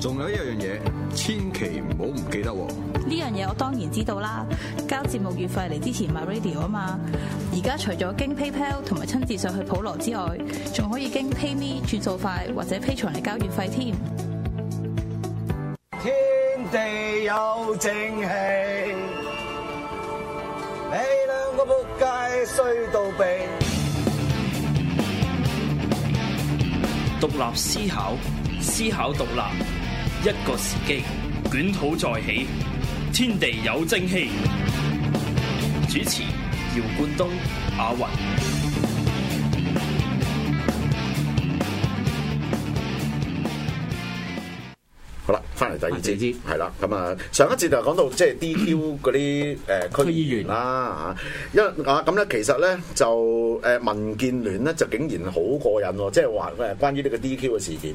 仲有一樣嘢，千祈唔好唔記得。呢樣嘢我當然知道啦，交節目月費嚟支持 MyRadio 啊嘛。而家除咗經 PayPal 同埋親自上去普羅之外，仲可以經 PayMe 轉數快、或者 Patreon 嚟交月費添。天地有正氣，你兩個仆街衰到痺。獨立思考，思考獨立。一個時機，捲土再起，天地友政氣。主持：姚冠東、阿云。好啦，第二節係啦，咁啊，上一節就講到即係 DQ 嗰啲誒區議員啦嚇，因為啊咁咧其實咧就誒民建聯咧就竟然好過癮喎，即係話誒關於呢個 DQ 嘅事件，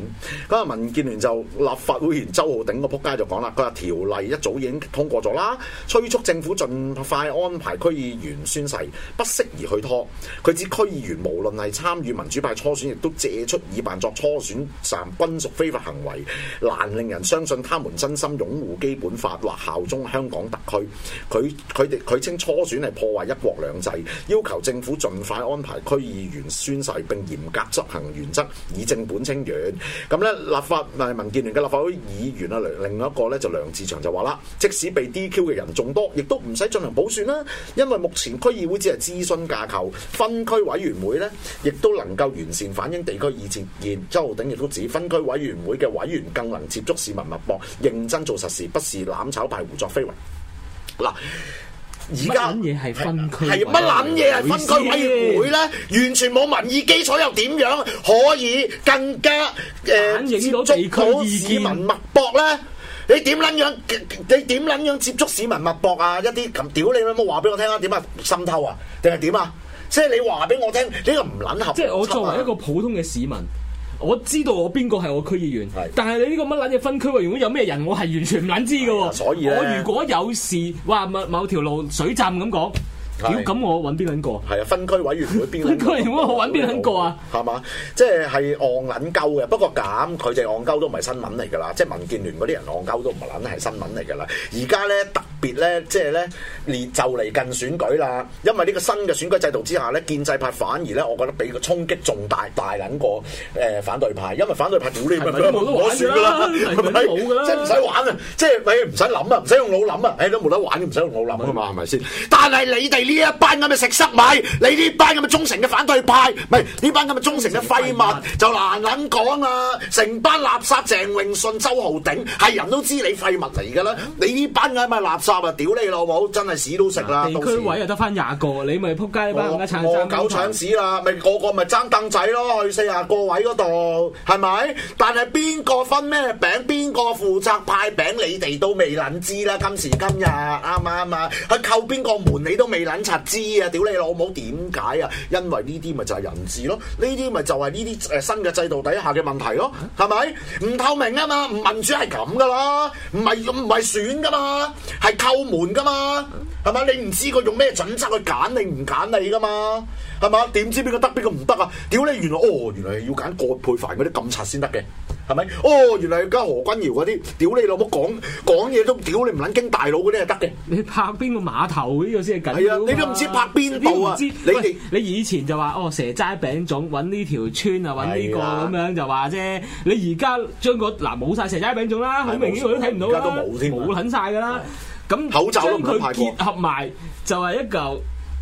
咁啊民建聯就立法會議員周浩鼎個仆街就講啦，佢話條例一早已經通過咗啦，催促政府盡快安排區議員宣誓，不適宜去拖。佢指區議員無論係參與民主派初選，亦都借出以辦作初選站，均屬非法行為，難令人相信。他們真心擁護基本法或效忠香港特區，佢佢哋佢稱初選係破壞一國兩制，要求政府盡快安排區議員宣誓並嚴格執行原則，以正本清源。咁呢，立法誒民建聯嘅立法會議員啊，另一個呢，就梁志祥就話啦，即使被 DQ 嘅人眾多，亦都唔使進行補選啦，啊，因為目前區議會只係諮詢架構，分區委員會呢，亦都能夠完善反映地區意見。而周浩鼎亦都指分區委員會嘅委員更能接觸市民脈搏。認真做實事，不是攬炒牌，胡作非為。嗱，而家乜嘢係分區？係乜捻嘢啊？分區委員會咧，完全冇民意基礎，又點樣可以更加誒？呃、反映到地區意見、民脈搏咧？你點捻樣？你點捻樣，樣接觸市民脈搏啊？一啲咁屌你都冇話俾我聽啊？點啊？滲透啊？定係點啊？即係你話俾我聽，呢個唔捻合、啊。即係我作為一個普通嘅市民。我知道我邊個係我區議員，但係你呢個乜撚嘢分區喎？如果有咩人，我係完全唔撚知㗎喎。所以我如果有事，話某某條路水浸咁講。屌，咁、啊、我揾邊撚個？係啊，分區委員會邊？分區我揾邊撚個啊？係 嘛，即係係戇撚鳩嘅。不過減佢哋係戇鳩都唔係新聞嚟㗎啦。即係民建聯嗰啲人戇鳩都唔係撚係新聞嚟㗎啦。而家咧特別咧，即係咧連就嚟近選舉啦。因為呢個新嘅選舉制度之下咧，建制派反而咧，我覺得俾個衝擊仲大大撚過誒反對派。因為反對派屌你咪攞選㗎啦，係冇㗎啦。即係唔使玩啊，即係你唔使諗啊，唔使用腦諗啊，係、啊欸、都冇得玩嘅，唔使用腦諗啊嘛，係咪、欸、是先？但係你哋。但是 呢一班咁咪食塞米，你呢班咁嘅忠誠嘅反對派，唔係呢班咁嘅忠誠嘅廢物就難諗講啦！成班垃圾鄭永信、周浩鼎係人都知你廢物嚟㗎啦！你呢班咁咪垃圾啊，屌你老母！真係屎都食啦！地區位又得翻廿個，你咪撲街啦！我我狗搶屎啦，咪個個咪爭凳仔咯！去四啊個位嗰度係咪？但係邊個分咩餅，邊個負責派餅，你哋都未諗知啦！今時今日啱啱啊？佢扣邊個門，你都未諗。警察知啊！屌你老母點解啊？因為呢啲咪就係人治咯，呢啲咪就係呢啲誒新嘅制度底下嘅問題咯，係咪、嗯？唔透明啊嘛，唔民主係咁噶啦，唔係唔係選噶嘛，係扣門噶嘛，係咪、嗯？你唔知佢用咩準則去揀，你唔揀你噶嘛，係咪？點知邊個得邊個唔得啊？屌你！原來哦，原來要揀葛珮帆嗰啲警察先得嘅。係咪？哦，原嚟要加何君堯嗰啲屌你老母講講嘢都屌你唔撚驚大佬嗰啲啊得嘅。你拍邊個碼頭呢、這個先係緊要啊？你都唔知拍邊度啊？你你，你以前就話哦蛇齋餅粽搵呢條村、這個、啊搵呢個咁樣就話啫。你而家將個嗱冇晒蛇齋餅粽啦，好是明顯我都睇唔到啦。都冇冇撚晒噶啦。咁將佢結合埋就係、是、一嚿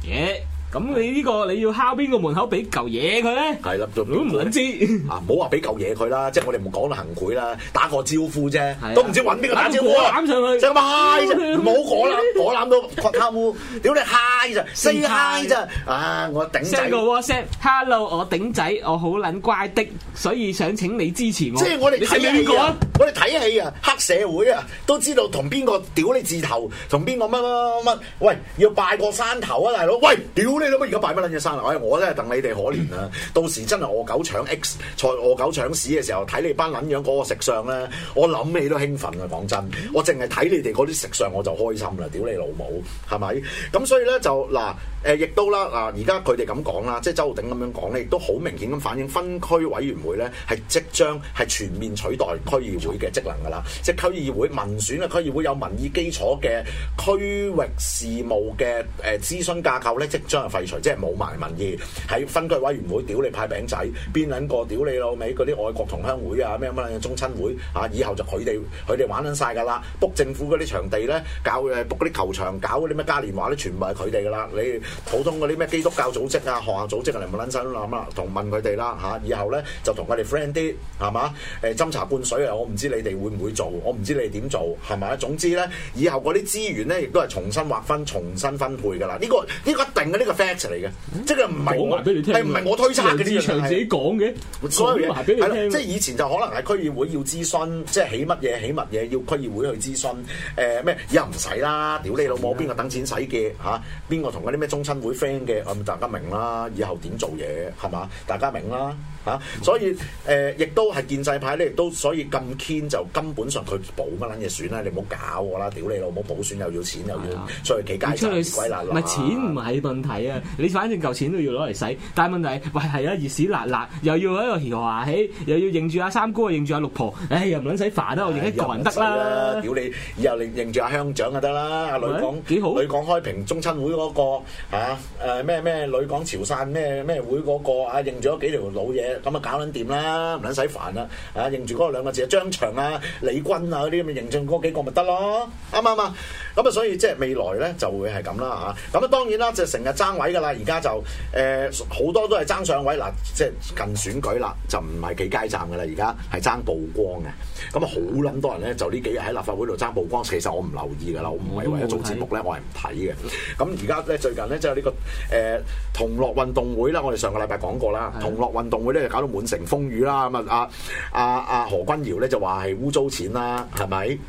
嘢。咁你呢個你要敲邊個門口俾嚿嘢佢咧？係啦，都唔捻知啊！唔好話俾嚿嘢佢啦，即係我哋唔講行賄啦，打個招呼啫，都唔知搵邊個打招呼啊！即係咁啊，嗨！唔好講啦，我攬到個客戶，屌你嗨！Say hi！咋啊！我頂仔 send 個 WhatsApp，Hello，我頂仔，我好捻乖的，所以想請你支持我。即係我哋睇戲啊，我哋睇戲啊，黑社會啊，都知道同邊個屌你字頭，同邊個乜乜乜乜，喂，要拜過山頭啊，大佬，喂，屌！你乜而家擺乜撚嘢生啦？我咧等你哋可憐啦！到時真係餓狗搶 X，菜餓狗搶屎嘅時候，睇你班撚樣嗰個食相咧，我諗你都興奮啊！講真，我淨係睇你哋嗰啲食相我就開心啦！屌你老母，係咪？咁所以咧就嗱，誒，亦都啦，嗱，而家佢哋咁講啦，即係周浩鼎咁樣講咧，亦都好明顯咁反映分區委員會咧係即將係全面取代區議會嘅職能噶啦，即係區議會民選呀，區議會有民意基礎嘅區域事務嘅誒諮詢架構咧，即將。廢除即係冇埋民意，喺分區委員會屌你派餅仔，邊撚個屌你老味嗰啲愛國同鄉會啊，咩乜嘢中親會啊，以後就佢哋佢哋玩撚晒㗎啦！book 政府嗰啲場地咧，搞誒 book 嗰啲球場，搞嗰啲咩嘉年華咧，全部係佢哋㗎啦！你普通嗰啲咩基督教組織啊、學校組織啊你冇撚身都啦，同、啊啊、問佢哋啦嚇！以後咧就同佢哋 friend 啲係嘛？誒斟、呃、茶灌水啊！我唔知你哋會唔會做，我唔知你哋點做係咪啊？總之咧，以後嗰啲資源咧，亦都係重新劃分、重新分配㗎啦。呢個呢個一定嘅呢個。這個這個嚟嘅，即係唔係我講俾你聽，唔係我推測嘅呢自己講嘅。所有嘢係即係以前就可能係區議會要諮詢，即係起乜嘢起乜嘢要區議會去諮詢。誒咩以後唔使啦，屌你老母，邊個等錢使嘅嚇？邊個同嗰啲咩中親會 friend 嘅？我、啊、大家明啦。以後點做嘢係嘛？大家明啦嚇、啊。所以誒、呃，亦都係建制派咧，亦都所以咁 keen 就根本上佢補乜撚嘢選啦，你唔好搞我啦。屌你老母，補選又要錢的又要去街街去，所以其他就唔係錢唔係問題啊。你反正嚿錢都要攞嚟使，但係問題，喂係啊，熱屎辣辣，又要喺度話起，又、哎、要認住阿三姑，認住阿六婆，唉、哎，又唔撚使煩啦，我認一個人得啦，屌你，以後你認住阿鄉長就得啦，阿女港幾好女港開平中親會嗰個嚇，咩咩女港潮汕咩咩會嗰個，啊、呃那個、啊認住咗幾條老嘢，咁啊搞撚掂啦，唔撚使煩啦，啊認住嗰兩個字啊張翔啊李軍啊嗰啲咁嘅認住嗰幾個咪得咯，啱唔啱啊？咁啊，所以即係未來咧就會係咁啦嚇。咁啊，當然啦，就成日爭位噶啦。而家就誒好、呃、多都係爭上位嗱、啊，即係近選舉啦，就唔係幾街站噶啦。而家係爭曝光嘅。咁啊，好撚多人咧，就呢幾日喺立法會度爭曝光。其實我唔留意噶啦，我唔係為咗做節目咧，我係唔睇嘅。咁而家咧最近咧即係呢、呢個誒同樂運動會啦，我哋上個禮拜講過啦，同樂運動會咧就是的 搞到滿城風雨啦。咁啊，阿阿阿何君堯咧就話係污糟錢啦，係咪、嗯？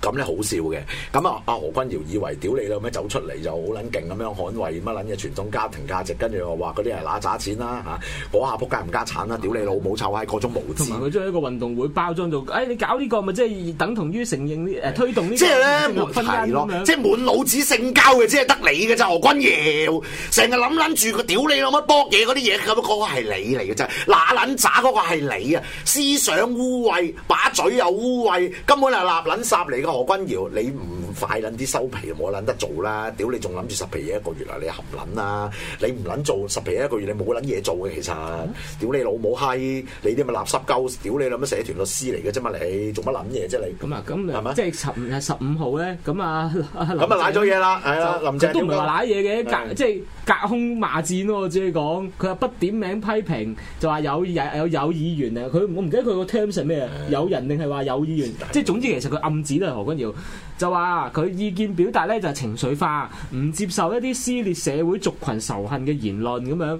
咁咧好笑嘅，咁啊阿何君堯以為屌你老咩走出嚟就好撚勁，咁樣捍衞乜撚嘅傳統家庭價值，跟住又話嗰啲人乸渣錢啦、啊、嚇，嗯啊、下仆街唔家產啦、啊，嗯、屌你老母臭閪各種無知。同埋佢將一個運動會包裝做，誒、哎、你搞呢、這個咪即係等同於承認啲誒、呃、推動、這個就是、呢即係咧唔係咯，即係滿腦子性交嘅，即係得你嘅咋何君堯，成日諗撚住個屌你老咩搏嘢嗰啲嘢，咁嗰、那個係你嚟嘅咋，嗱撚渣嗰個係你啊，思想污穢，把嘴又污穢，根本係垃撚圾嚟嘅。何君堯，你唔？快撚啲收皮，冇撚得做啦！屌你仲諗住十皮嘢一個月啊！你含撚啊！你唔撚做十皮嘢一個月，你冇撚嘢做嘅其實。屌、嗯、你老母閪！你啲咪垃圾鳩！屌你諗乜社團律師嚟嘅啫嘛！你做乜撚嘢啫你？咁啊，咁啊樣，嗎即係十五十號咧。咁啊，咁啊，瀨咗嘢啦，係啊，林鄭都唔話瀨嘢嘅，隔即係隔空罵戰咯，主要講佢又不點名批評，就話有議有有議員啊！佢我唔記得佢個 terms 係咩，有人定係話有議員？議員嗯、即係總之其實佢暗指都係何君堯。就話佢意見表達咧就係情緒化，唔接受一啲撕裂社會族群仇恨嘅言論咁樣，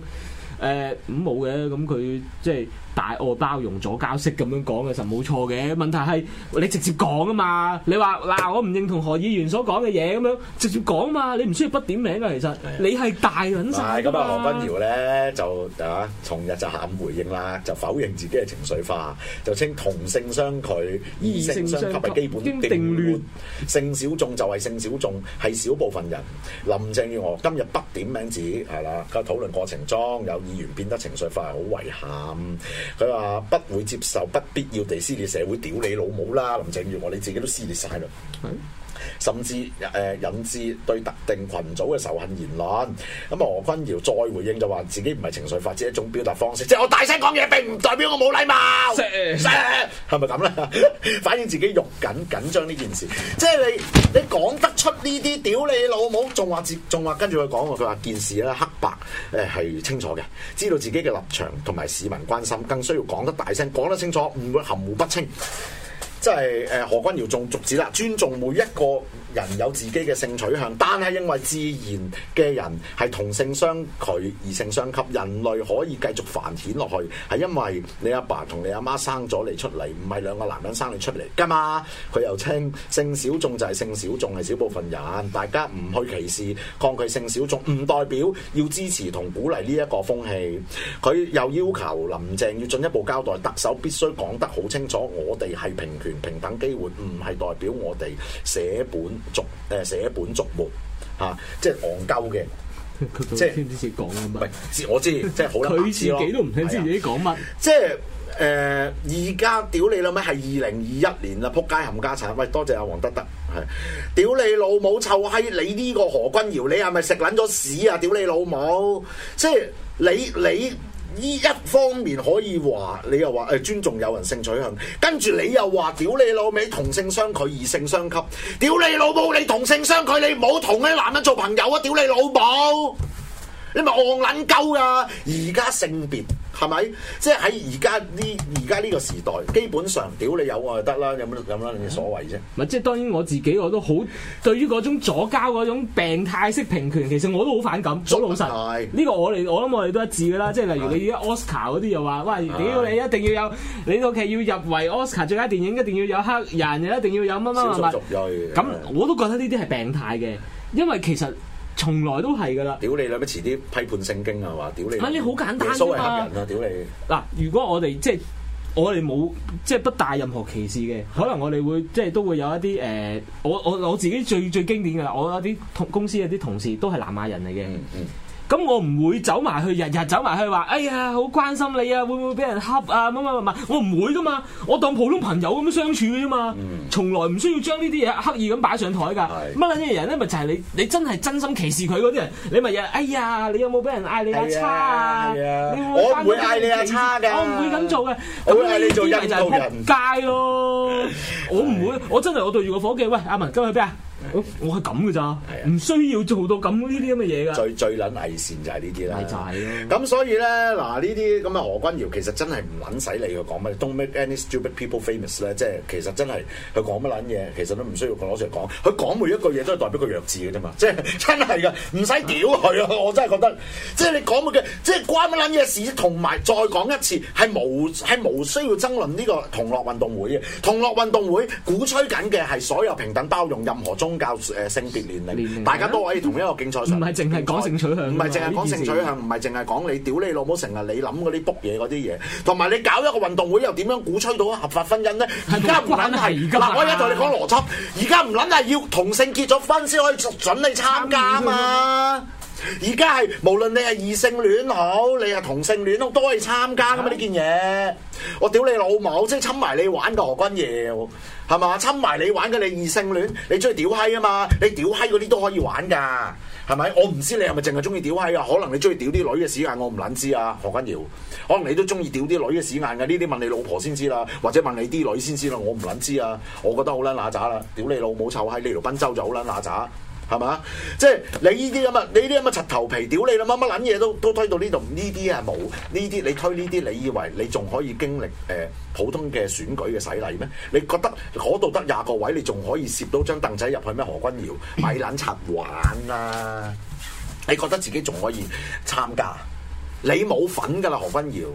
誒咁冇嘅，咁佢即係。大愛包容、左膠式咁樣講嘅就冇錯嘅，問題係你直接講啊嘛！你話嗱，我唔認同何議員所講嘅嘢咁樣，直接講啊嘛！你唔需要不點名啊，其實的你係大卵曬。係咁啊，何君堯咧就啊，從日就下午回應啦，就否認自己嘅情緒化，就稱同性相拒、異性相吸係基本定律，性小眾就係性小眾，係少部分人。林鄭月娥今日不點名指係啦，個討論過程中有議員變得情緒化係好遺憾。佢話不會接受，不必要地撕裂社會，屌你老母啦！林鄭月娥你自己都撕裂晒啦。 甚至誒、呃、引致對特定群組嘅仇恨言論，咁何君堯再回應就話自己唔係情緒發洩一種表達方式，即係我大聲講嘢並唔代表我冇禮貌，係咪咁咧？是是呢 反映自己肉緊緊張呢件事，即係你你講得出呢啲屌你老母，仲話自仲話跟住佢講佢話件事咧黑白誒係、呃、清楚嘅，知道自己嘅立場同埋市民關心，更需要講得大聲，講得清楚，唔會含糊不清。即係誒，何君堯仲續紙啦，尊重每一個。人有自己嘅性取向，但係因為自然嘅人係同性相拒，異性相吸，人類可以繼續繁衍落去，係因為你阿爸同你阿媽生咗你出嚟，唔係兩個男人生你出嚟噶嘛。佢又稱性小眾就係性小眾係少部分人，大家唔去歧視抗拒性小眾，唔代表要支持同鼓勵呢一個風氣，佢又要求林鄭要進一步交代，特首必須講得好清楚，我哋係平權平等機會，唔係代表我哋寫本。逐誒，寫本逐末嚇，即係戇鳩嘅，即係聽唔聽住講啊？唔、呃、係，我知即係好冷白，佢自己都唔聽自己講，即係誒，而家屌你老咩？係二零二一年啦，撲街冚家產！喂，多謝阿黃德德，係屌你老母臭閪！你呢個何君堯，你係咪食撚咗屎啊？屌你老母！即係你你。你你你呢一方面可以話，你又話誒尊重有人性取向，跟住你又話屌你老味，同性相拒，異性相吸，屌你老母！你同性相拒，你唔好同啲男人做朋友啊！屌你老母！你咪戇撚鳩噶！而家性別係咪？即係喺而家呢而家呢個時代，基本上屌你有我就得啦，有冇有啦？你嘢所謂啫？唔、嗯、即係當然我自己我都好對於嗰種左膠嗰種病態式平權，其實我都好反感。左老實呢是個我哋我諗我哋都一致噶啦，是即係例如你而家啲奧斯卡嗰啲又話，喂，屌是你一定要有，你套劇要入圍奧斯卡最佳電影，一定要有黑人，又一定要有乜乜咁，我都覺得呢啲係病態嘅，因為其實。從來都係噶啦，屌你喇，咪遲啲批判聖經啊話，屌你！啊，你好簡單所謂、啊、黑人啊，屌你！嗱，如果我哋即係我哋冇即係不帶任何歧視嘅，是的 可能我哋會即係都會有一啲誒、呃，我我我自己最最經典嘅啦，我有啲同公司有啲同事都係南亞人嚟嘅、嗯。嗯嗯。咁我唔會走埋去，日日走埋去話，哎呀，好關心你啊，會唔會俾人恰啊？乜乜乜乜，我唔會噶嘛，我當普通朋友咁樣相處啫嘛，從來唔需要將呢啲嘢刻意咁擺上台噶。乜撚嘢人咧，咪就係、是、你，你真係真心歧視佢嗰啲人，的你咪、就、日、是、哎呀，你有冇俾人嗌你阿、啊、叉啊？你有有我唔會嗌你阿叉嘅，我唔會咁做嘅。咁呢啲人就仆街咯，的我唔會，我真係我對住個夥計，喂，阿文，今日去邊啊？哦、我我係咁嘅咋，唔、啊、需要做到咁呢啲咁嘅嘢噶。最最卵偽善就係呢啲啦，咁所以咧嗱，呢啲咁啊何君堯其實真係唔卵使你去講乜，Don't make any stupid people famous 咧，即 係樂其實真係佢講乜卵嘢，其實都唔需要攞出嚟講。佢講每一句嘢都係代表佢弱智嘅啫嘛，即係真係噶，唔使屌佢啊！ 我真係覺得，即係你講乜嘅，即係關乜卵嘢事？同埋再講一次，係無係無需要爭論呢個同樂運動會嘅同樂運動會鼓吹緊嘅係所有平等包容任何中。宗教、誒、性別、年齡，年齡啊、大家都可以同一個競賽場。唔係淨係講性取向，唔係淨係講性取向，唔係淨係講你屌你老母成日你諗嗰啲卜嘢嗰啲嘢。同埋你搞一個運動會又點樣鼓吹到合法婚姻咧？而家唔撚係，而家。嗱我而家同你講邏輯，而家唔撚係要同性結咗婚先可以準你參加嘛？而家係無論你係異性戀好，你係同性戀好，都可以參加噶嘛呢是件嘢。我屌你老母，即係侵埋你玩個何君堯，係嘛？侵埋你玩嘅你異性戀，你中意屌閪啊嘛？你屌閪嗰啲都可以玩噶，係咪？我唔知你係咪淨係中意屌閪啊？可能你中意屌啲女嘅屎眼，我唔捻知啊。何君堯，可能你都中意屌啲女嘅屎眼噶？呢啲問你老婆先知啦，或者問你啲女先知啦。我唔捻知啊。我覺得好捻那渣啦，屌你老母臭閪，你條賓周就好捻那渣。係嘛？即係你呢啲咁啊，你呢啲咁啊，柒頭皮屌你啦，乜乜撚嘢都都推到呢度，呢啲係冇，呢啲你推呢啲，你以為你仲可以經歷誒、呃、普通嘅選舉嘅洗禮咩？你覺得嗰度得廿個位，你仲可以攝到張凳仔入去咩？何君堯，咪撚柒玩啦，啊！你覺得自己仲可以參加？你冇份噶啦，何君堯。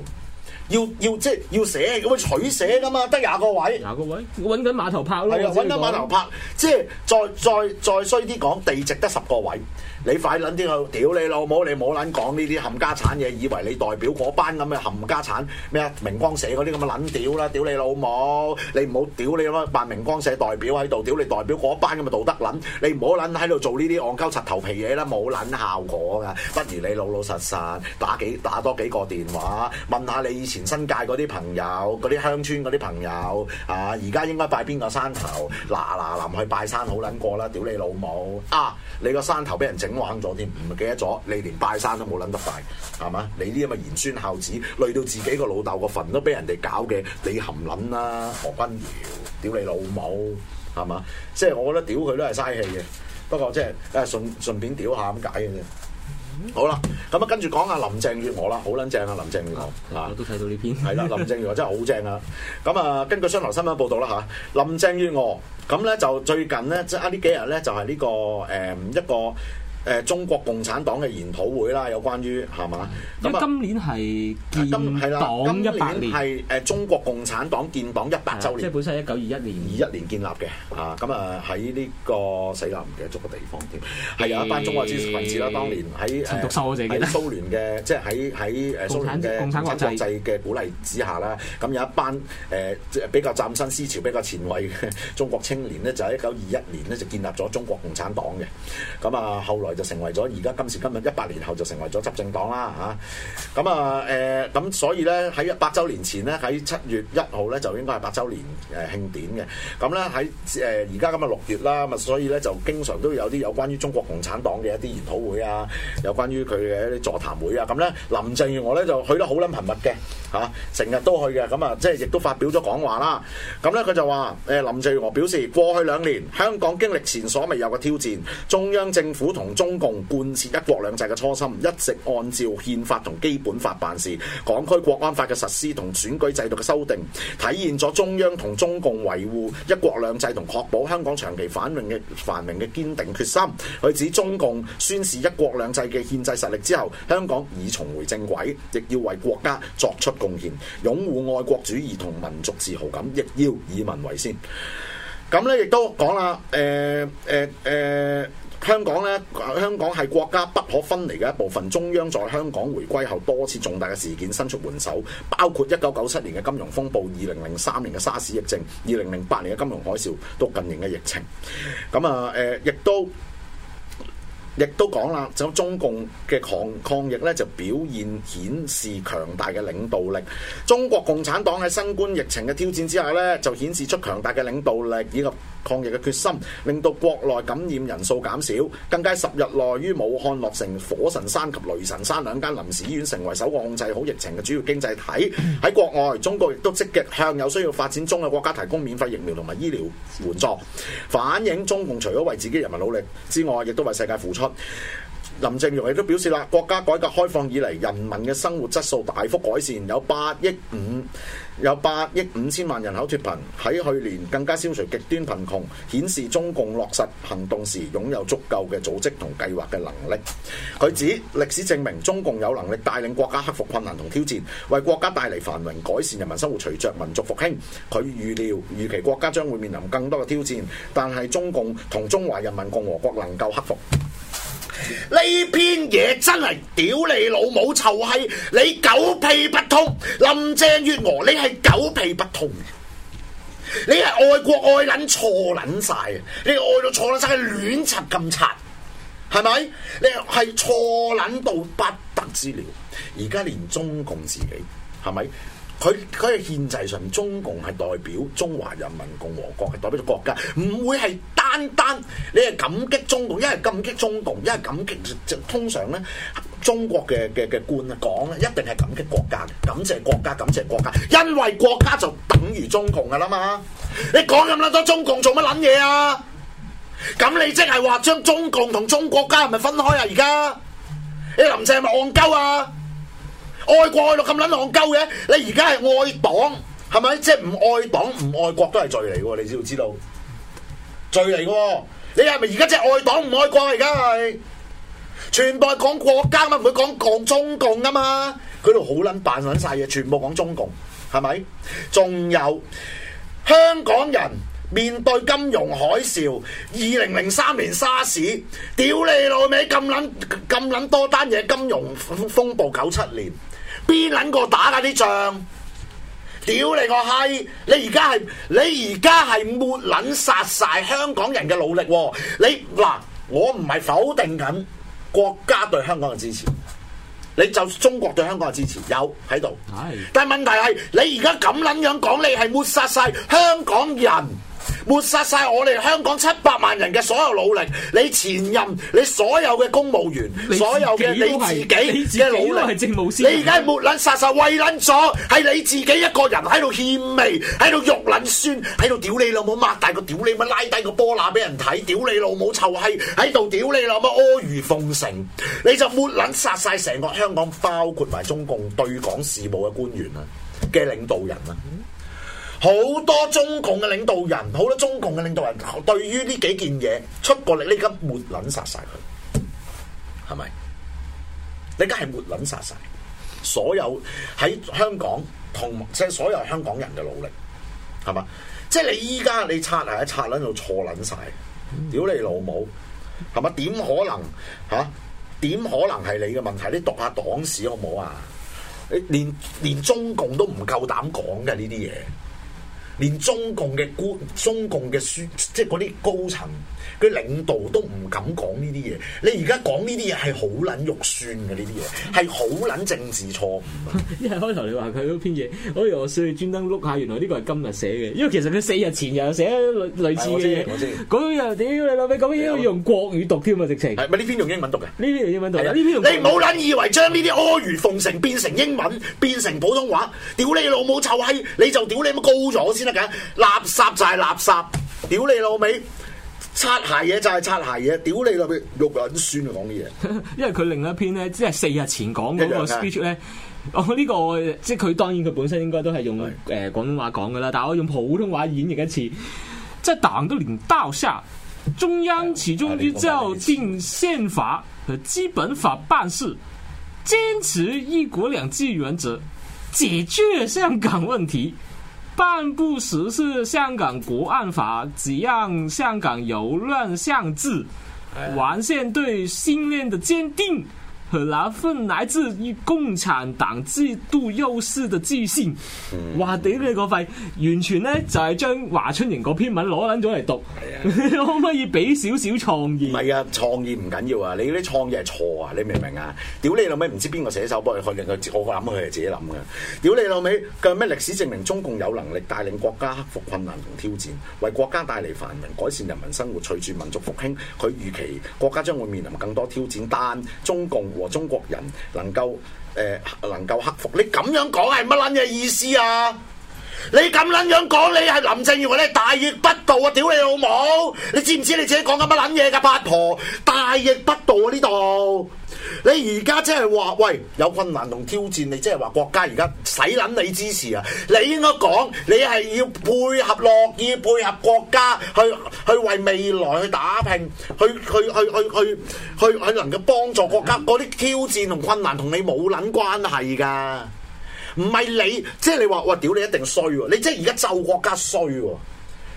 要即要即係要寫咁啊取寫噶嘛，得廿個位。廿個位，我揾緊碼頭拍咯。係啊的，揾緊碼頭拍，即係再再再衰啲講，地值得十個位。你快撚啲去屌你老母！你冇撚講呢啲冚家產嘢，以為你代表嗰班咁嘅冚家產咩啊？明光社嗰啲咁嘅撚屌啦！屌你老母！你唔好屌你咁樣扮明光社代表喺度，屌你代表嗰班咁嘅道德撚！你唔好撚喺度做呢啲戇鳩柒頭皮嘢啦，冇撚效果㗎！不如你老老實實打幾打多幾個電話，問下你以前新界嗰啲朋友、嗰啲鄉村嗰啲朋友啊，而家應該拜邊個山頭？嗱嗱臨去拜山好撚過啦！屌你老母啊！你個山頭俾人整。玩咗添，唔記得咗，你連拜山都冇撚得快，係嘛？你呢咁嘅賢孫孝子，累到自己個老豆個墳都俾人哋搞嘅，你含撚啦、啊，何君堯，屌你老母，係嘛？即係我覺得屌佢都係嘥氣嘅，不過即係誒順順便屌下咁解嘅啫。好啦，咁啊跟住講下林鄭月娥啦，好撚正啊林鄭月娥，我都睇到呢篇係啦，林鄭月娥真係好正啊。咁啊，根據商台新聞報道啦嚇，林鄭月娥咁咧就最近咧，即係呢幾日咧就係呢個誒一個。一個誒中國共產黨嘅研討會啦，有關於係嘛？因為今年係建黨一百年，係誒中國共產黨建黨一百週年。即係本身一九二一年二一年建立嘅，啊咁啊喺呢個死啦嘅記得唔記得咗個地方添，係、欸、有一班中國知識分子啦，當年喺誒喺蘇聯嘅 即係喺喺誒蘇聯嘅共產共產國際嘅鼓勵之下啦，咁有一班誒、呃、比較站新嶄新思潮比較前衞嘅中國青年咧，就喺一九二一年咧就建立咗中國共產黨嘅，咁啊後來。就成為咗而家今時今日一百年後就成為咗執政黨啦嚇、啊，咁啊誒咁、呃、所以呢，喺八週年前呢喺七月一號呢，就應該係八週年誒、呃、慶典嘅，咁、嗯、呢，喺誒而家咁嘅六月啦，咁所以呢，就經常都有啲有關於中國共產黨嘅一啲研討會啊，有關於佢嘅一啲座談會啊，咁、嗯、呢，林鄭月娥呢，就去得好撚頻密嘅嚇，成、啊、日都去嘅，咁啊即係亦都發表咗講話啦，咁、嗯、呢，佢就話誒林鄭月娥表示過去兩年香港經歷前所未有嘅挑戰，中央政府同中共貫徹一國兩制嘅初心，一直按照憲法同基本法辦事。港區國安法嘅實施同選舉制度嘅修訂，體現咗中央同中共維護一國兩制同確保香港長期繁榮嘅繁榮嘅堅定決心。佢指中共宣示一國兩制嘅憲制實力之後，香港已重回正軌，亦要為國家作出貢獻，擁護愛國主義同民族自豪感，亦要以民為先。咁呢亦都講啦，誒誒誒。呃呃呃呃香港呢，香港係國家不可分離嘅一部分。中央在香港回歸後，多次重大嘅事件伸出援手，包括一九九七年嘅金融風暴、二零零三年嘅沙士疫症、二零零八年嘅金融海嘯，都近年嘅疫情。咁啊，誒、呃，亦都。亦都講啦，就中共嘅抗抗疫咧，就表現顯示強大嘅領導力。中國共產黨喺新冠疫情嘅挑戰之下咧，就顯示出強大嘅領導力以及抗疫嘅決心，令到國內感染人數減少。更加十日內於武漢落成火神山及雷神山兩間臨時醫院，成為首個控制好疫情嘅主要經濟體。喺國外，中國亦都積極向有需要發展中嘅國家提供免費疫苗同埋醫療援助，反映中共除咗為自己人民努力之外，亦都為世界付出。林鄭容亦都表示啦，國家改革開放以嚟，人民嘅生活質素大幅改善，有八億五有八億五千萬人口脫貧。喺去年更加消除極端貧窮，顯示中共落實行動時擁有足夠嘅組織同計劃嘅能力。佢指歷史證明中共有能力帶領國家克服困難同挑戰，為國家帶嚟繁榮，改善人民生活，隨着民族復興。佢預料預期國家將會面臨更多嘅挑戰，但係中共同中華人民共和國能夠克服。呢篇嘢真係屌你老母臭閪，你狗屁不通，林鄭月娥你係狗屁不通，你係愛國愛捻錯捻晒啊！你愛到錯捻晒，係亂插咁插，係咪？你係錯捻到不得之了，而家連中共自己係咪？佢佢喺憲制上，中共係代表中華人民共和國，係代表咗國家，唔會係單單你係感激中共，因為感激中共，因為感激，通常咧中國嘅嘅嘅官啊講咧，一定係感激國家，感謝國家，感謝國家，因為國家就等於中共噶啦嘛。你講咁撚多中共做乜撚嘢啊？咁你即係話將中共同中國家係咪分開啊？而家你林鄭係咪戇鳩啊？愛國愛到咁撚戇鳩嘅，你而家係愛黨係咪？即係唔愛黨唔愛國都係罪嚟嘅，你只要知道罪嚟嘅。你係咪而家即係愛黨唔愛國？而家係全部係講國家嘛，唔會講講中共啊嘛。佢度好撚扮撚晒嘢，全部講中共係咪？仲有香港人。面對金融海嘯，二零零三年沙士，屌你老味咁捻咁捻多單嘢，金融風暴九七年，邊捻個打嗰啲仗？屌你個閪！你而家係你而家係抹捻殺晒香港人嘅努力，哦。你嗱，我唔係否定緊國家對香港嘅支持，你就中國對香港嘅支持有喺度。係，的但係問題係你而家咁捻樣講，你係抹殺晒香港人。抹殺晒我哋香港七百萬人嘅所有努力，你前任，你所有嘅公務員，所有嘅你自己嘅努力，你而家係抹捻殺晒，喂捻咗，係你自己一個人喺度獻媚，喺度肉捻酸，喺度屌你老母擘大個屌你咪拉低個波乸俾人睇，屌你老母臭閪喺度屌你老母阿諛奉承，你就抹捻殺晒成個香港，包括埋中共對港事務嘅官員啊嘅領導人啊。嗯好多中共嘅領導人，好多中共嘅領導人，對於呢幾件嘢出過力，你而家抹捻殺晒佢，係咪？你而家係抹捻殺晒所有喺香港同即係所有香港人嘅努力，係嘛？即係你依家你拆嚟喺拆捻度錯捻晒，屌、嗯、你老母，係嘛？點可能吓？點、啊、可能係你嘅問題？你讀下黨史好唔好啊？你連連中共都唔夠膽講嘅呢啲嘢。連中共嘅官、中共嘅書記，即係嗰啲高層。佢領導都唔敢講呢啲嘢，你而家講呢啲嘢係好撚肉酸嘅呢啲嘢，係好撚政治錯誤。一係開頭你話佢嗰篇嘢，我以為我需要專登碌下，原來呢個係今日寫嘅，因為其實佢四日前又寫類似嘅嘢。講又屌你老味，噉應該要用國語讀添啊！直情，係咪呢篇用英文讀嘅？呢篇用英文讀嘅。呢篇用你唔好撚以為將呢啲阿諛奉承變成英文，變成普通話，屌你老母臭閪，你就屌你乜高咗先得㗎，垃圾就係垃圾，屌你老味！擦鞋嘢就係擦鞋嘢，屌你個逼，肉卵酸啊！講嘢，因為佢另一篇咧，即係四日前講嗰個 speech 咧，哦呢個、 這個、即係佢當然佢本身應該都係用誒廣東話講噶啦，對但係我用普通話演繹一次，即係彈都連得落中央始終之照定憲法和基本法辦事，堅持一國兩制原則，解決香港問題。頒布實施香港國安法，只讓香港由亂向治，完善對信念的堅定。拿分乃至於共產黨制度優勢的自信，哇！屌你個肺，完全呢就係將華春瑩嗰篇文攞捻咗嚟讀， 可唔可以俾少少創意？唔係 啊，創意唔緊要啊，你啲創意係錯啊，你明唔明啊？屌你老味，唔知邊個寫手，不過佢佢我諗佢係自己諗嘅。屌你老味，佢係咩歷史證明中共有能力帶領國家克服困難同挑戰，為國家帶嚟繁榮改善人民生活，隨住民族復興，佢預期國家將會面臨更多挑戰，但中共。和中國人能夠誒、呃、能夠克服，你咁樣講係乜撚嘅意思啊？你咁捻樣講，你係林鄭，原來你大逆不道啊！屌你老母！你知唔知你自己講緊乜捻嘢，噶八婆？大逆不道啊呢度！你而家即係話喂，有困難同挑戰，你即係話國家而家使捻你支持啊！你應該講你係要配合樂意配合國家去，去去為未來去打拼，去去去去去去，去，去，去能夠幫助國家。嗰啲、嗯、挑戰同困難同你冇捻關係噶。唔係你，即係你話哇屌你一定衰喎！你即係而家就國家衰喎。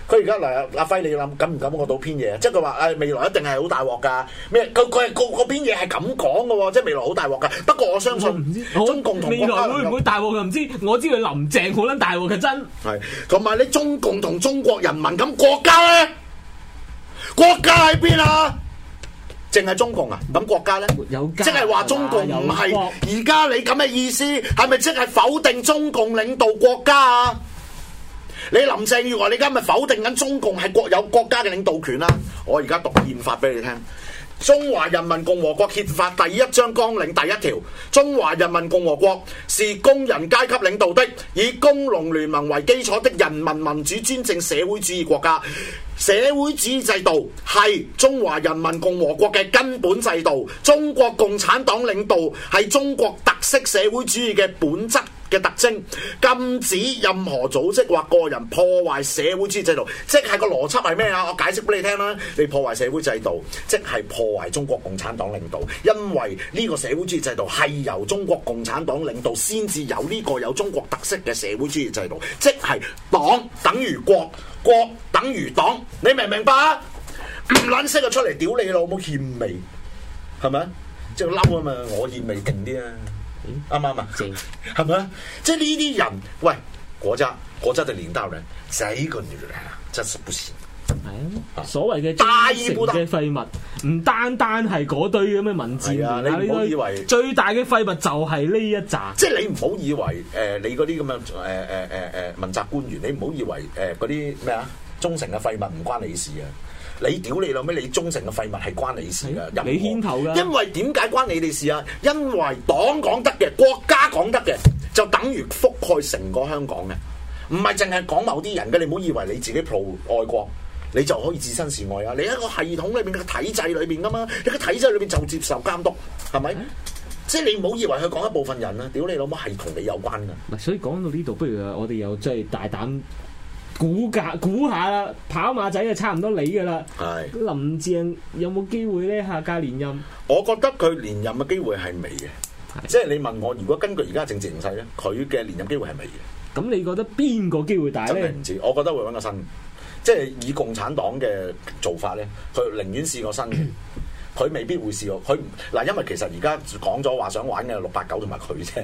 佢而家嗱，阿輝，你諗敢唔敢過到篇嘢？即係佢話誒未來一定係好大鑊㗎咩？佢佢佢嗰篇嘢係咁講嘅喎，即係未來好大鑊㗎。不過我相信我唔知我中共同未來會唔會大鑊㗎？唔知我知佢林鄭好撚大鑊嘅真。係同埋你中共同中國人民咁國家咧，國家喺邊啊？定係中共啊，咁國家呢，即係話中共唔係而家你咁嘅意思，係咪即係否定中共領導國家啊？你林鄭月娥，你而家咪否定緊中共係國有國家嘅領導權啦，啊？我而家讀憲法俾你聽。中華人民共和國憲法第一章綱領第一條：中華人民共和國是工人階級領導的、以工農聯盟為基礎的人民民主專政社會主義國家。社會主義制度係中華人民共和國嘅根本制度。中國共產黨領導係中國特色社會主義嘅本質嘅特徵，禁止任何組織或個人破壞社會主義制度，即係個邏輯係咩啊？我解釋俾你聽啦。你破壞社會制度，即係破壞中國共產黨領導，因為呢個社會主義制度係由中國共產黨領導先至有呢個有中國特色嘅社會主義制度，即係黨等於國，國等於黨，你明唔明白啊？唔撚識就出嚟屌你老母獻媚，係咪啊？即係嬲啊嘛，我獻媚勁啲啊！啱啱唔啱？係咪？即係呢啲人喂，國家國家的領導人，死個女人啊，真是不行。係啊，所謂嘅忠誠嘅廢物，唔單單係嗰堆咁嘅文字啊，你唔好以為最大嘅廢物就係呢一集。即係你唔好以為誒、呃，你嗰啲咁嘅誒誒誒誒問責官員，你唔好以為誒嗰啲咩啊忠誠嘅廢物唔關你事啊。你屌你老味！你忠誠嘅廢物係關你事㗎，你牽頭啊，因為點解關你哋事啊？因為黨講得嘅，國家講得嘅，就等於覆蓋成個香港嘅，唔係淨係講某啲人嘅。你唔好以為你自己 pro 愛國，你就可以置身事外啊！你喺個系統裏面嘅體制裏邊㗎嘛，你個體制裏邊就接受監督，係咪？欸、即係你唔好以為佢講一部分人啊！屌你老母係同你有關㗎。嗱，所以講到呢度，不如我哋又即係大膽。估價估下啦，跑馬仔就差唔多你噶啦。係是林鄭有冇機會咧？下屆連任？我覺得佢連任嘅機會係未嘅，是即係你問我，如果根據而家政治形勢咧，佢嘅連任機會係未嘅。咁你覺得邊個機會大咧？真係唔知，我覺得會揾個新，即係以共產黨嘅做法咧，佢寧願試個新嘅。 佢未必會試喎，佢嗱，因為其實而家講咗話想玩嘅六八九同埋佢啫，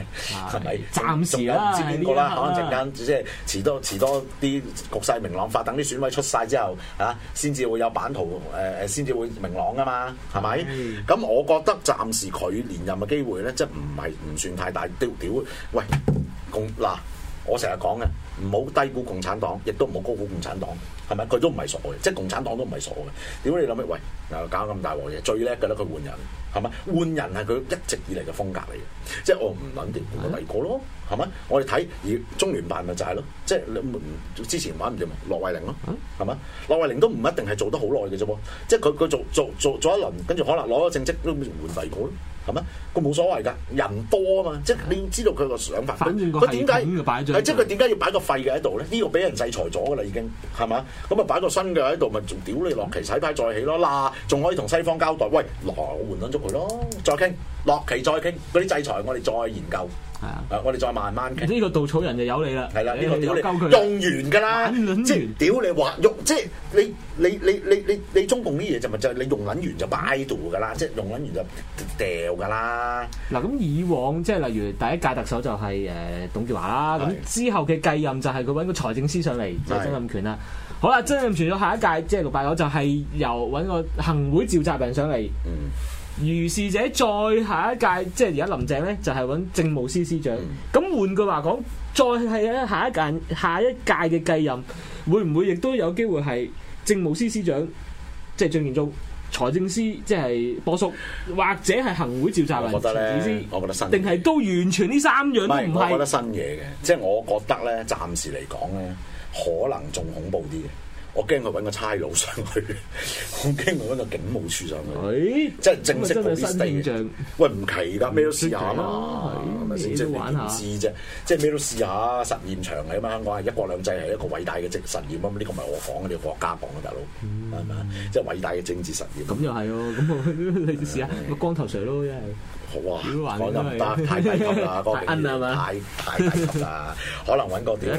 係咪、哎？係係暫時唔知邊個啦，啦啦可能陣間即係遲多遲多啲局勢明朗化，等啲選委出晒之後，啊先至會有版圖誒誒，先、呃、至會明朗噶嘛，係咪？咁係我覺得暫時佢連任嘅機會咧，即係唔係唔算太大。屌屌，喂共嗱，我成日講嘅，唔好低估共產黨，亦都唔好高估共產黨。係咪？佢都唔係傻嘅，即係共產黨都唔係傻嘅。點解你諗咩？喂，嗱搞咁大鑊嘢，最叻嘅咧佢換人，係咪？換人係佢一直以嚟嘅風格嚟嘅，即係我唔穩定換第二個咯，係咪、嗯？我哋睇而中聯辦咪就係、是、咯，即係你之前玩唔掂嘛？駱惠寧咯，係咪？駱、嗯、惠寧都唔一定係做得好耐嘅啫喎，即係佢佢做做做咗一輪，跟住可能攞咗正職都換第二個。咁啊，佢冇所謂噶，人多啊嘛，即係你知道佢個想法。佢點解？即係佢點解要擺個廢嘅喺度咧？呢個俾人制裁咗噶啦，已經係嘛？咁啊，擺個新嘅喺度，咪仲屌你落棋洗牌再起咯啦，仲可以同西方交代。喂，嗱，我換撚捉佢咯，再傾落棋再傾嗰啲制裁，我哋再研究。啊，我哋再慢慢呢個稻草人就有你啦，係啦，呢個你,你,你,你,你,你,你,你用完噶啦，即係屌你話喐，即係你你你你你你中共啲嘢就咪就係你用捻完就擺度噶啦，即係用捻完就掉噶啦。嗱咁以往即係、就是、例如第一屆特首就係、是、誒、呃、董建華啦，咁的之後嘅繼任就係佢揾個財政司上嚟就係、是、曾蔭權啦。的好啦，曾蔭權到下一屆即係六八九就係由揾個行會召集人上嚟。嗯如是者，再下一屆，即係而家林鄭咧，就係、是、揾政務司司長。咁換、嗯、句話講，再係咧下一屆下一屆嘅繼任，會唔會亦都有機會係政務司司長，即係張建宗、財政司，即係波叔，或者係行會召集人？我覺得我覺得新嘢，定係都完全呢三樣都唔係。我覺得新嘢嘅，即係我覺得咧，暫時嚟講咧，可能仲恐怖啲嘅。我驚佢揾個差佬上去，我驚佢揾個警務處上去，即係正式喂唔奇噶，咩都試下嘛，係咪先？你唔知啫，即係咩都試下實驗場嚟啊嘛！香港一國兩制係一個偉大嘅職實驗啊嘛！呢個唔係我講，你國家講嘅大佬，係咪啊？即係偉大嘅政治實驗。咁又係哦，咁我你試下個光頭 sir 咯，真係。哇！講得唔得？太低級啦！個名太太低級啦！可能揾個點？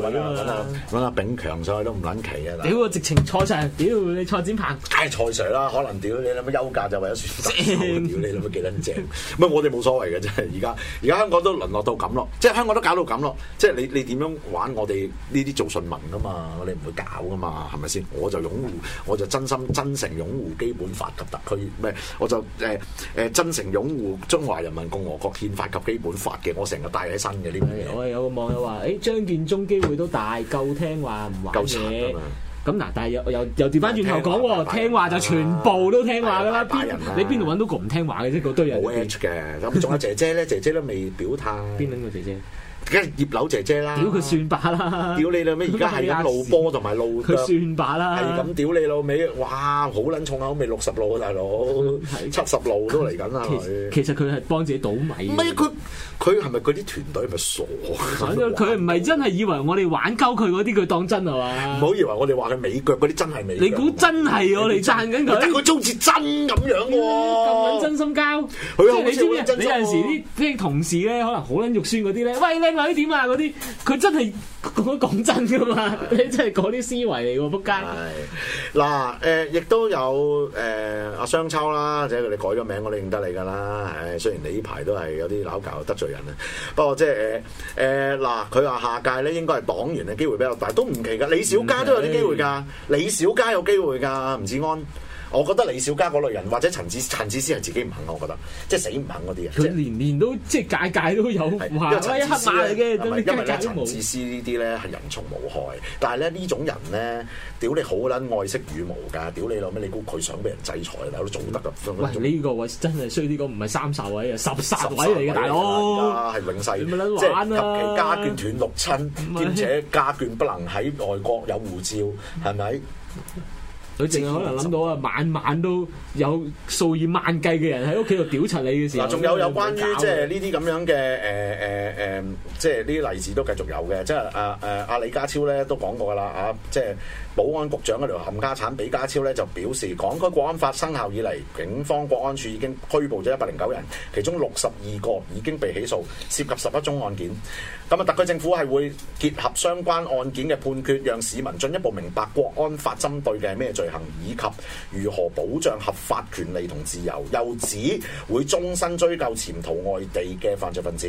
揾啊阿炳強上去都唔撚奇嘅。屌！我直情賽上，屌你蔡展鵬，梗係賽上啦。可能屌你諗乜休假就為咗選特？屌你諗乜幾撚正？唔我哋冇所謂嘅真係，而家而家香港都淪落到咁咯，即係香港都搞到咁咯。即係你你點樣玩？我哋呢啲做順民噶嘛，我哋唔會搞噶嘛，係咪先？我就擁護，我就真心真誠擁護基本法及特區咩？我就誒誒真誠擁護。中華人民共和國憲法及基本法嘅，我成日帶喺身嘅呢樣嘢。我、哎、有個網友話：，誒、哎、張建宗機會都大，夠聽話唔話嘢。咁嗱，但係又又又調翻轉頭講喎，話啊、聽話就全部都聽話噶啦、啊。你邊度揾到個唔聽話嘅啫？嗰堆人。嘅咁，仲有姐姐咧， 姐姐都未表態。邊個姐姐？梗係葉柳姐姐啦，屌佢算罷啦，屌你老味！而家係一路波同埋路佢算罷啦，係咁屌你老味！哇，好撚重口味！六十路啊，大佬，七十路都嚟緊啦。其實佢係幫自己倒米。唔係佢，佢係咪佢啲團隊咪傻？佢唔係真係以為我哋玩鳩佢嗰啲？佢當真係嘛？唔好以為我哋話佢尾腳嗰啲真係尾腳。你估真係我哋讚緊佢，但佢裝似真咁樣喎。公交， 即係你知唔知？你有陣時啲啲同事咧，可能好撚肉酸嗰啲咧，喂，靚女點啊嗰啲，佢真係講講真㗎嘛，是的 你真係嗰啲思維嚟喎，仆街。嗱誒，亦都有誒阿、呃、雙秋啦，即係佢哋改咗名，我哋認得你㗎啦。係雖然你呢排都係有啲鬧搞得罪人啦。不過即係誒嗱，佢、呃、話下屆咧應該係黨員嘅機會比較大，都唔奇㗎。李小佳都有啲機會㗎是，李小佳有機會㗎，吳志安。我覺得李小加嗰類人，或者陳智陳智思係自己唔肯，我覺得即係死唔肯嗰啲人。佢年年都即係屆屆都有，因為陳智思嘅，因為咧陳智思呢啲咧係人畜無害，但係咧呢種人咧屌你好撚，愛惜羽毛㗎，屌你老味，你估佢想俾人制裁，但係都做得㗎。喂，呢種個位真係衰啲講，唔、這、係、個、三十位，十，位十,十位啊，十三位嚟嘅大佬哥，係永世、啊、即係家眷斷六親，兼是且家眷不能喺外國有護照，係咪？佢淨係可能諗到啊，晚晚都有數以萬計嘅人喺屋企度屌柒你嘅事。嗱，仲有有關於即係呢啲咁樣嘅誒誒誒，即係呢啲例子都繼續有嘅，即係阿誒阿李家超咧都講過啦啊，即係保安局長嗰條冚家產俾家超咧，就表示講個《港區國安法》生效以嚟，警方、國安處已經拘捕咗一百零九人，其中六十二個已經被起訴，涉及十一宗案件。咁啊，特區政府係會結合相關案件嘅判決，讓市民進一步明白國安法針對嘅咩罪行，以及如何保障合法權利同自由。又指會終身追究潛逃外地嘅犯罪分子。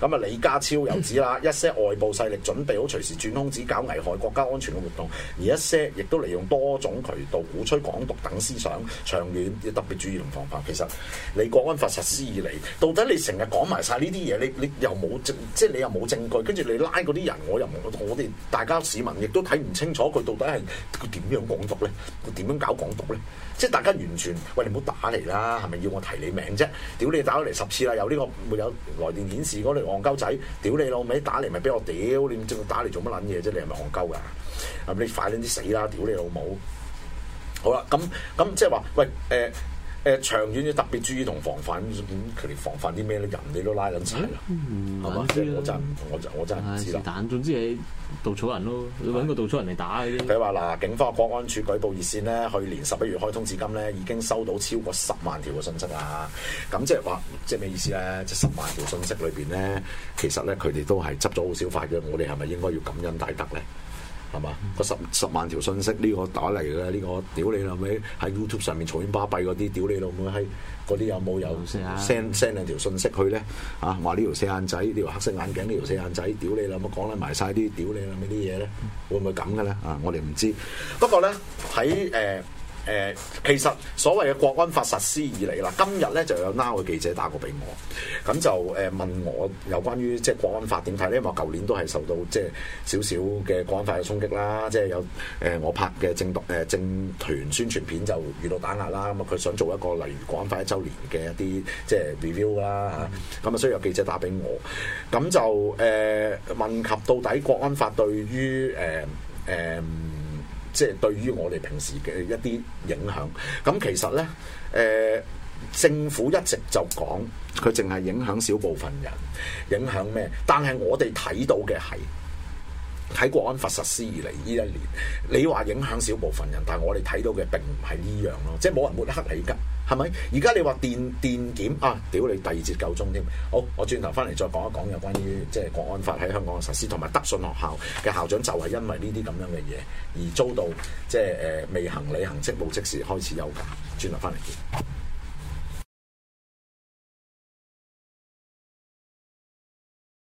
咁啊，李家超又指啦，一些外部勢力準備好隨時轉空子，搞危害國家安全嘅活動，而一些亦都利用多種渠道鼓吹港獨等思想。長遠要特別注意同防範。其實你國安法實施以嚟，到底你成日講埋晒呢啲嘢，你你又冇即係你又冇證。跟住你拉嗰啲人，我入我我哋大家市民亦都睇唔清楚佢到底係佢點樣港獨咧？佢點樣搞港獨咧？即係大家完全，喂，你唔好打嚟啦，係咪要我提你名啫？屌你打我嚟十次啦，有呢、呢個冇來電顯示嗰類戇鳩仔，屌你老味打嚟咪俾我屌你！仲打嚟做乜撚嘢啫？你係咪戇鳩噶？啊！你快啲死啦！屌你老母！好啦，咁咁即係話，喂，誒。呃誒、呃、長遠要特別注意同防範，咁佢哋防範啲咩咧？人你都拉緊曬啦，係嘛？即係我真係，我真我真係唔知啦。但總之係稻草人咯，你揾個稻草人嚟打嗰啲。佢話嗱，警方國安處舉報熱線咧，去年十一月開通至今咧，已經收到超過十萬條嘅信息啊！咁即係話，即係咩意思咧？即係十萬條信息裏邊咧，其實咧佢哋都係執咗好少法嘅。我哋係咪應該要感恩戴德咧？係嘛？ 十十萬條信息呢、呢個打嚟嘅呢個屌你老味喺 YouTube 上面重演巴閉嗰啲屌你老母喺嗰啲有冇有，有 send 眼兩條信息去咧？啊話呢條四眼仔，呢條黑色眼鏡呢條四眼仔屌你老母講啦埋晒啲屌你老母啲嘢咧，會唔會咁嘅咧？啊，我哋唔知。不過咧喺誒。誒，其實所謂嘅國安法實施以嚟啦，今日咧就有 Now 嘅記者打過俾我，咁就誒問我有關於即係國安法點睇呢？因為我舊年都係受到即係少少嘅國安法嘅衝擊啦，即係有誒、呃、我拍嘅政黨誒、呃、政團宣傳片就遇到打壓啦。咁啊，佢想做一個例如國安法一周年嘅一啲即係 review 啦嚇，咁啊，所以有記者打俾我，咁就誒、呃、問及到底國安法對於誒誒，呃呃即係對於我哋平時嘅一啲影響，咁其實呢，誒、呃、政府一直就講佢淨係影響少部分人，影響咩？但係我哋睇到嘅係喺國安法實施以嚟呢一年，你話影響少部分人，但係我哋睇到嘅並唔係呢樣咯，即係冇人抹黑你㗎。係咪？而家你話電電檢啊，屌你第二節夠鐘添。好，我轉頭翻嚟再講一講，有關於即係《國安法》喺香港嘅實施，同埋德信學校嘅校長就係因為呢啲咁樣嘅嘢而遭到即係誒、呃、未行履行職務，即時開始休假。轉頭翻嚟見。